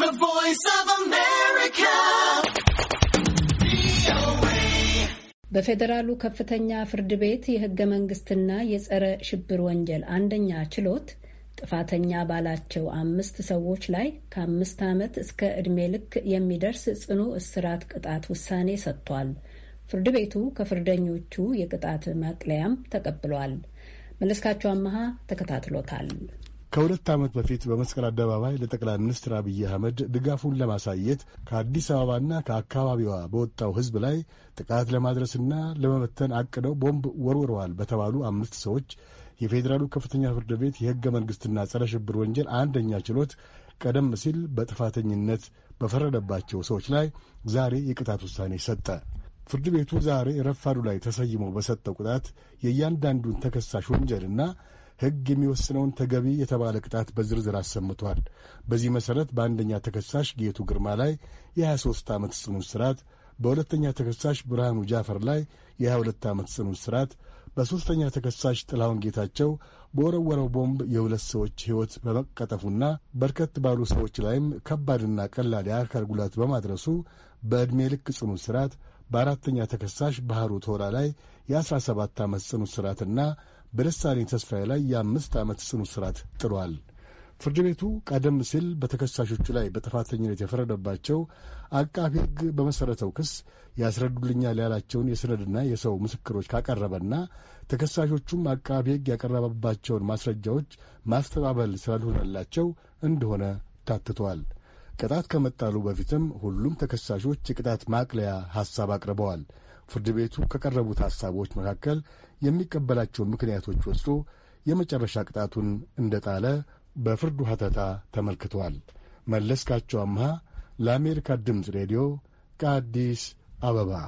The Voice of America. በፌዴራሉ ከፍተኛ ፍርድ ቤት የህገ መንግስትና የጸረ ሽብር ወንጀል አንደኛ ችሎት ጥፋተኛ ባላቸው አምስት ሰዎች ላይ ከአምስት ዓመት እስከ ዕድሜ ልክ የሚደርስ ጽኑ እስራት ቅጣት ውሳኔ ሰጥቷል። ፍርድ ቤቱ ከፍርደኞቹ የቅጣት መቅለያም ተቀብሏል። መለስካቸው አመሃ ተከታትሎታል። ከሁለት ዓመት በፊት በመስቀል አደባባይ ለጠቅላይ ሚኒስትር አብይ አህመድ ድጋፉን ለማሳየት ከአዲስ አበባና ከአካባቢዋ በወጣው ሕዝብ ላይ ጥቃት ለማድረስና ለመበተን አቅደው ቦምብ ወርውረዋል በተባሉ አምስት ሰዎች የፌዴራሉ ከፍተኛ ፍርድ ቤት የሕገ መንግሥትና ጸረ ሽብር ወንጀል አንደኛ ችሎት ቀደም ሲል በጥፋተኝነት በፈረደባቸው ሰዎች ላይ ዛሬ የቅጣት ውሳኔ ሰጠ። ፍርድ ቤቱ ዛሬ ረፋዱ ላይ ተሰይሞ በሰጠው ቅጣት የእያንዳንዱን ተከሳሽ ወንጀልና ሕግ የሚወስነውን ተገቢ የተባለ ቅጣት በዝርዝር አሰምቷል። በዚህ መሠረት በአንደኛ ተከሳሽ ጌቱ ግርማ ላይ የ23 ዓመት ጽኑ እስራት፣ በሁለተኛ ተከሳሽ ብርሃኑ ጃፈር ላይ የ22 ዓመት ጽኑ እስራት፣ በሦስተኛ ተከሳሽ ጥላሁን ጌታቸው በወረወረው ቦምብ የሁለት ሰዎች ሕይወት በመቀጠፉና በርከት ባሉ ሰዎች ላይም ከባድና ቀላል የአካል ጉዳት በማድረሱ በዕድሜ ልክ ጽኑ እስራት በአራተኛ ተከሳሽ ባህሩ ቶራ ላይ የ17 ዓመት ጽኑ እስራትና በደሳለኝ ተስፋዬ ላይ የአምስት ዓመት ጽኑ እስራት ጥሏል። ፍርድ ቤቱ ቀደም ሲል በተከሳሾቹ ላይ በጥፋተኝነት የፈረደባቸው አቃቢ ሕግ በመሠረተው ክስ ያስረዱልኛል ያላቸውን የሰነድና የሰው ምስክሮች ካቀረበና ተከሳሾቹም አቃቢ ሕግ ያቀረበባቸውን ማስረጃዎች ማስተባበል ስላልሆነላቸው እንደሆነ ታትቷል። ቅጣት ከመጣሉ በፊትም ሁሉም ተከሳሾች የቅጣት ማቅለያ ሐሳብ አቅርበዋል። ፍርድ ቤቱ ከቀረቡት ሐሳቦች መካከል የሚቀበላቸው ምክንያቶች ወስዶ የመጨረሻ ቅጣቱን እንደጣለ በፍርዱ ሐተታ ተመልክተዋል። መለስካቸው አምሃ ለአሜሪካ ድምፅ ሬዲዮ ከአዲስ አበባ